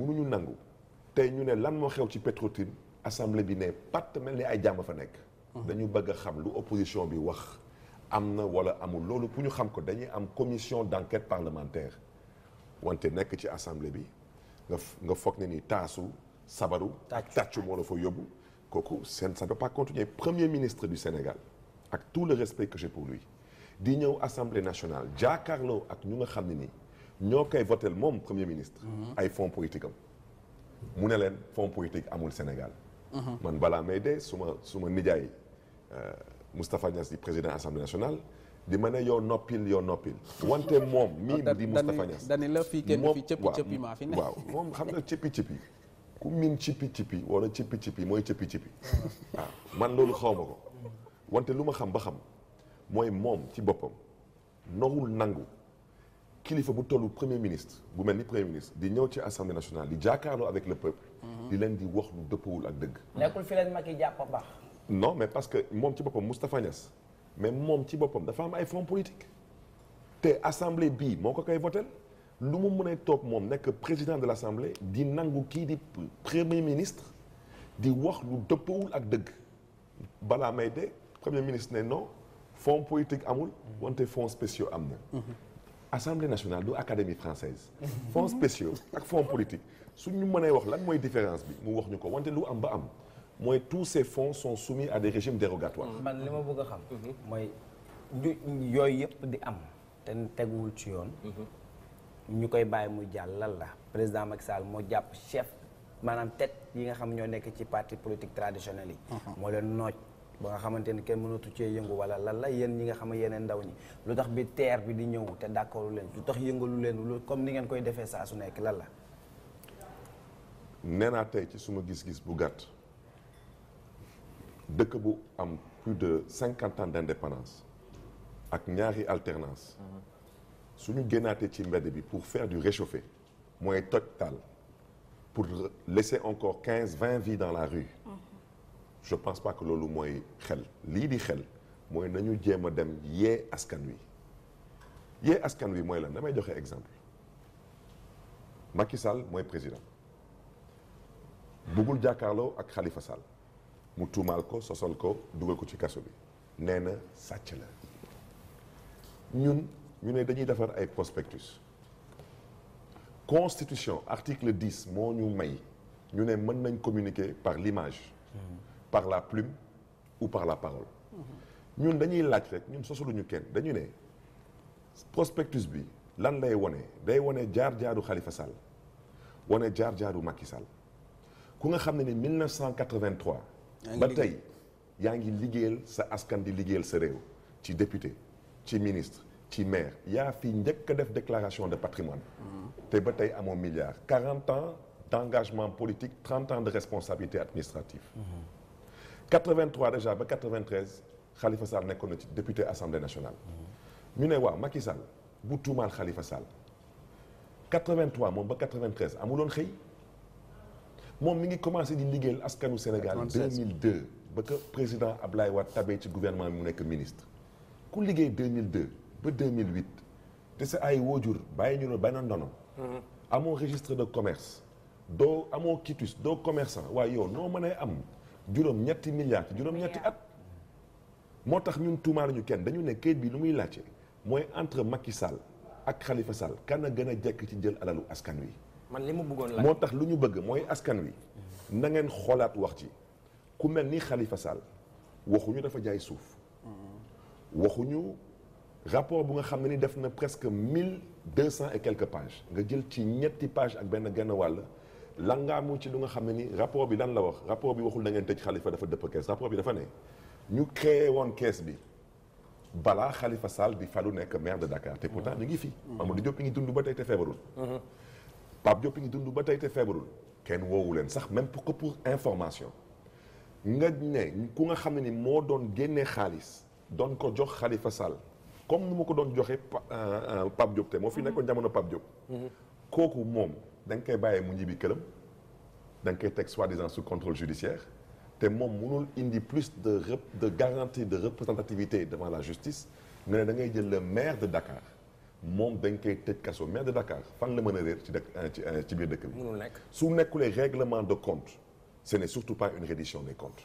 mënuñu nangu tey ñu ne lan moo xew ci Petrotim assemblée bi ne patt mel ni ay jàmm fa nekk. dañu bëgg a xam lu opposition bi wax am na wala amul loolu pour ñu xam ko dañuy am commission d'enquête parlementaire wante nekk ci assemblée bi nga nga foog ne ni taasu sabaru. ak tàccu moo la fa yóbbu kooku seen ça ne peut pas continuer premier ministre du Sénégal ak tout le respect que j'ai pour lui di ñëw assemblée nationale jàkkaarloo ak ñu nga xam ne nii. ñoo koy votel moom premier ministre. Mhm. ay fonds politique am. mu ne leen fonds politique amul Sénégal. Mhm. man balaa may dee su ma nijaay euh, Moustapha Niass di président assemblée national di ma ne yow noppil yow noppil wante moom mii oh, di Moustapha Niass dani la fii kenn fi cëppi cëppi maa fi ne waaw moom xam nga cëppi cëppi ku min cëppi cëppi wala cëppi cëppi mooy cëppi cëppi ah. waaw man loolu xaw ma ko wante lu ma xam ba xam mooy moom ci boppam nowul nangu kilifa bu tollu premier ministre bu mel ni premier ministre di ñëw ci assemblée nationale di jàkkaarloo avec le peuple. Mhm. di leen di wax lu dëppawul ak dëgg. nekkul fi leen mag yi jàpp baax. non mais parce que moom ci boppam Moustapha Niass mais moom ci boppam dafa am ay fonds politique te assemblée bii moo ko koy voté lu mu mën a toog moom nekk président de l' assemblée di nangu kii di premier ministre di wax lu dëppawul ak dëgg balaa may de premier ministre ne non fonds politique amul mhm. wante fonds spéciaux am assemblée nationale du académie française fonds spéciaux ak fonds politique suñu mënee wax lan mooy différence bi mu wax ñu ko wante lu am ba am mooy tous ces fonds sont soumis à des régimes dérogatoires mm-hmm. man li ma bëgg a xam mooy ñu yooyu yëpp di am te teguwul ci yoon mm-hmm. ñu koy bàyyi mu jàll lan la président Macky Sall moo jàpp chef maanaam tête yi nga xam ñoo nekk ci parti politique traditionnel yi mm-hmm. moo leen nooj ba nga xamante ni kenn mënatu cee yëngu wala lan la yéen ñi nga xam yeneen ndaw ñi lu tax bi teer bi di ñëw te d'accord leen lu tax yëngalu leen lu comme ni ngeen koy defee saa su nekk lan la. tey ci suma gis-gis bu gàtt dëkk bu am plus de cinquante ans d'indépendance ak ñaari alternance suñu génnaatee ci mbedd bi pour faire du réchauffé mooy toj taal pour laisser encore quinze vingt vies dans la rue. je pense pas que loolu mooy xel lii di xel mooy nañu jéem a dem yee askan wi yee askan wi mooy lan damay joxe exemple Macky Sall mooy président bëggul jàkkaarloo ak Khalifa Sall mu tuumaal ko sosol ko dugal ko ci kaso bi nee na sàcc la ñun ñu ne dañuy defar ay prospectus constitution article 10 moo ñu may ñu ne mën nañ communiquer par l'image hmm. par la plume ou par la parole ñun dañuy laaj rek ñun sosuluñu kenn dañu ne prospectus bi lan lay wone day wone jaar-jaaru xalifa Sall wone jaar-jaaru Macky Sall ku nga xam ne ni 1983 ba tey yaa ngi liggéeyal sa askan di liggéeyal sa réew ci député ci ministre ci maire yaa fi njëkk def déclaration de patrimoine mm-hmm. te ba tey amoo milliard 40 ans d' politique 30 ans de responsabilité administrative mm-hmm. 83 déjà ba 93 Khalifa Sall nekkoon na ci député assemblée nationale. Mhm. ñu ne waaw Macky Sall bu tuumaal Khalifa Sall 83 moom ba 93 amuloon xëy moom mi ngi commencé di liggéeyal askanu Sénégal. 2002 ba que président Ablaye Wade tabee ci gouvernement bi mu nekk ministre. ku liggéey 2002 ba 2008 te sa ay woojur bàyyi ñu ne benn ndono. Mhm. amoo registre de commerce doo amoo quitus doo commerçant waaye yow noo mënee am. juróom-ñetti milliards juróom-ñetti at. moo tax ñun ñu kenn dañu ne kayit bi lu muy laajte mooy entre Macky Sall ak xalifa Sall kan a gën a jekk ci jël alalu askan wi. man li mu bëggoon laaj moo tax lu ñu bëgg mooy askan wi. na ngeen xoolaat wax ci ku mel ni xalifa Sall waxuñu dafa jaay suuf. waxuñu rapport bu nga xam ne ni def na presque mille deux cent et quelques pages nga jël ci ñetti page ak benn genn wàll. langaamu ci lu nga xam ne ni rapport bi lan la wax rapport bi waxul na ngeen tëj xalifa dafa dëpp kees rapport bi dafa ne ñu créé woon kees bi balaa xalifa Sall di falu nekk maire de Dakar te pourtant ñu mmh. ngi fi. Mamadou mmh. Diop ngi dund ba tey te feebarul. Mmh. Pape Diop ngi dund ba tey te feebarul. kenn woowu leen sax même pour que information nga ne ku nga xam ne ni moo doon génnee xaalis doon ko jox xalifa Sall comme nu ma ko doon joxe euh, euh, Pape Diop te moo fi nekkoon jamono Pape Diop. kooku moom. da nga koy bàyyee mu ñibbi këram da nga koy teg soi-disant sous contrôle judiciaire te moom mënul indi plus de de garantie de représentativité devant la justice nga ne da ngay jël le maire de Dakar moom dañ koy tëj kaso maire de Dakar fan la mën a réer ci dëkk euh, euh, ci biir dëkk bi. mënul nekk su nekkulee règlement de compte ce n'est surtout pas une reddition des comptes.